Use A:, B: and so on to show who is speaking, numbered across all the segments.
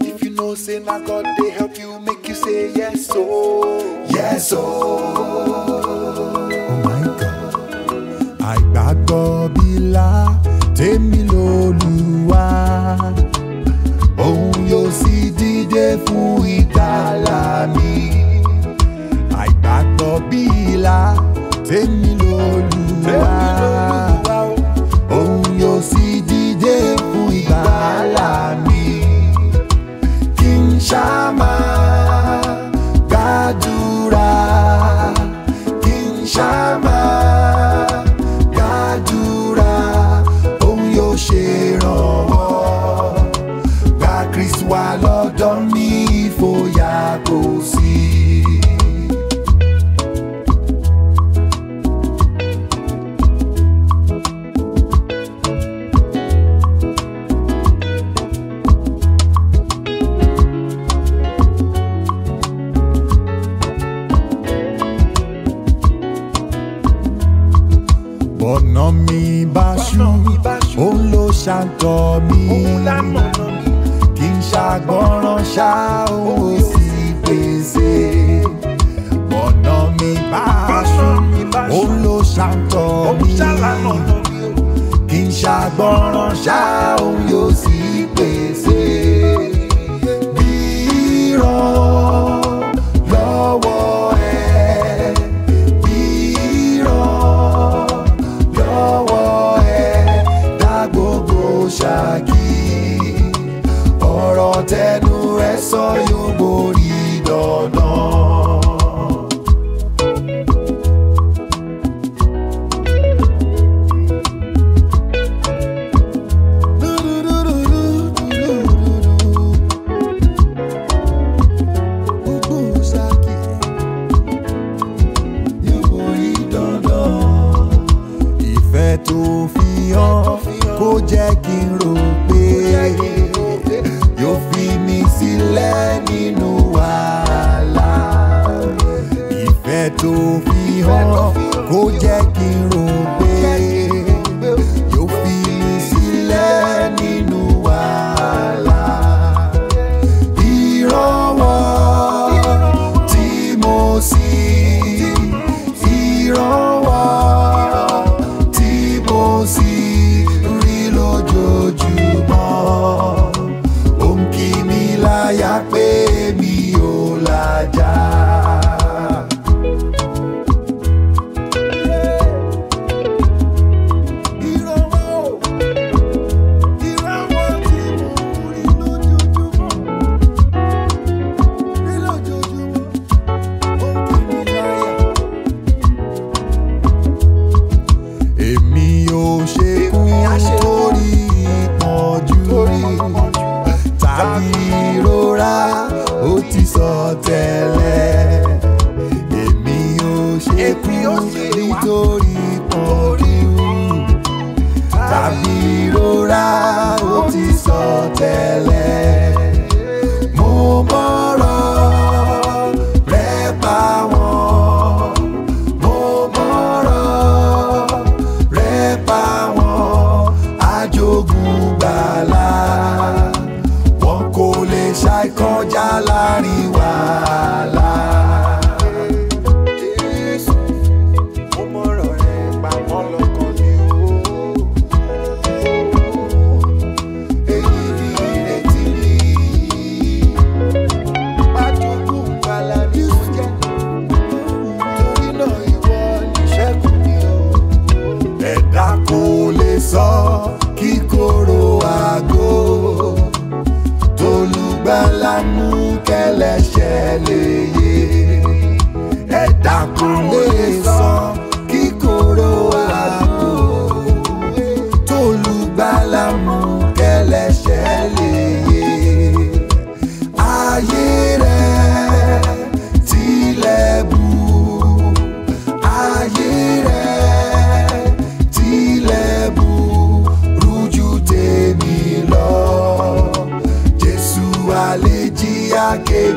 A: If you know, say, my God, they help you make you say yes, oh. Yes, oh. Oh my God. Àgbàgbọ́ bílà tèmi lolúwa. wà lọ́dọ̀ ní ìfòyà kò sí. ọ̀nà mi bá ṣú òun ló ṣàǹtọ̀ mi. òun lámọ̀nà agbọ́nràn ṣá owó sí pèsè bọ̀nà mi bá ó ló ṣàǹtọ̀ mi kì í ṣàgbọ́nràn ṣá òun yóò sí pèsè. tẹnu ẹ sọ yóò borí dandan. kó jẹ́ kí n rò. ó ti sọ tẹ́lẹ̀ èmi ò ṣe kú nítorí pọ́nríwú tàbí ìrora ó ti sọ tẹ́lẹ̀. kọjá láàrin wa.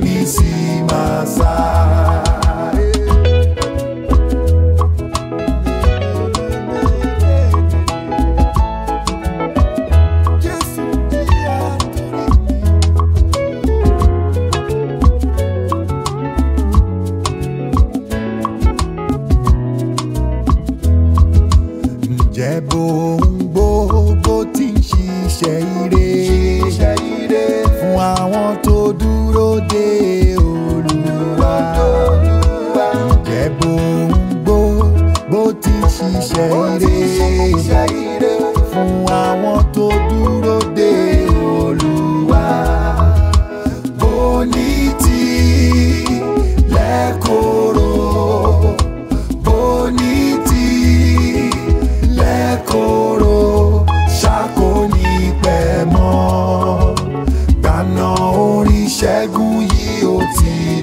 A: my side.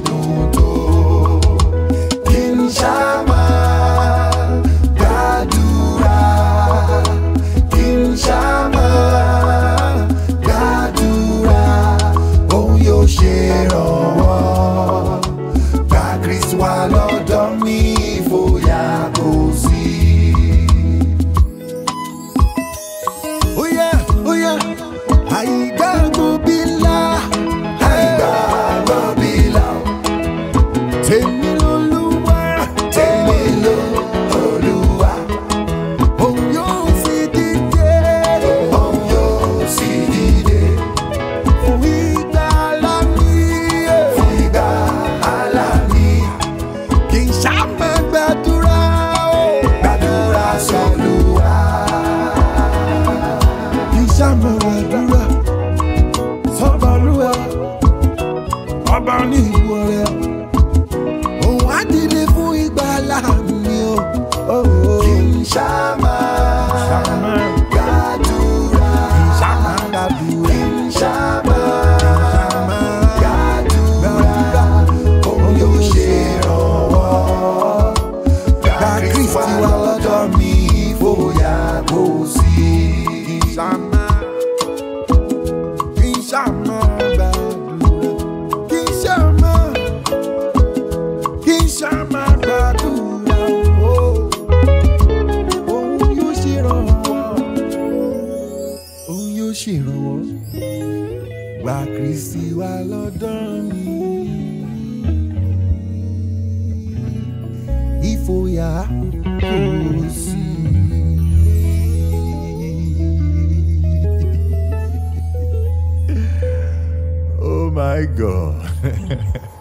A: minutos. take Oh. oh my God.